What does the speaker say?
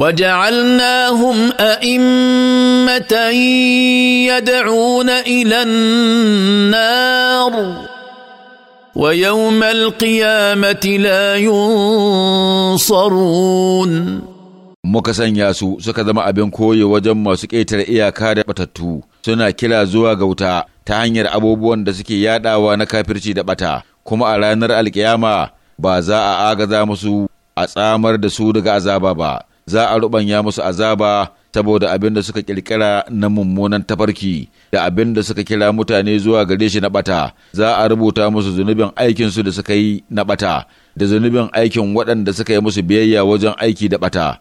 وجعلناهم ائمه يدعون الى النار ويوم القيامه لا ينصرون muka sanya su suka zama abin koyi wajen masu ƙetare iyaka da batattu suna kira zuwa ga wuta ta hanyar abubuwan da suke yadawa na kafirci da bata kuma a ranar alkiyama ba za a agaza musu a tsamar da su daga azaba ba za a ruɓanya musu azaba saboda abin da suka kirkira na mummunan tafarki da abin da suka kira mutane zuwa gare shi na bata za a rubuta musu zunubin aikin su da suka yi na bata da zunubin aikin waɗanda suka yi musu biyayya wajen aiki da bata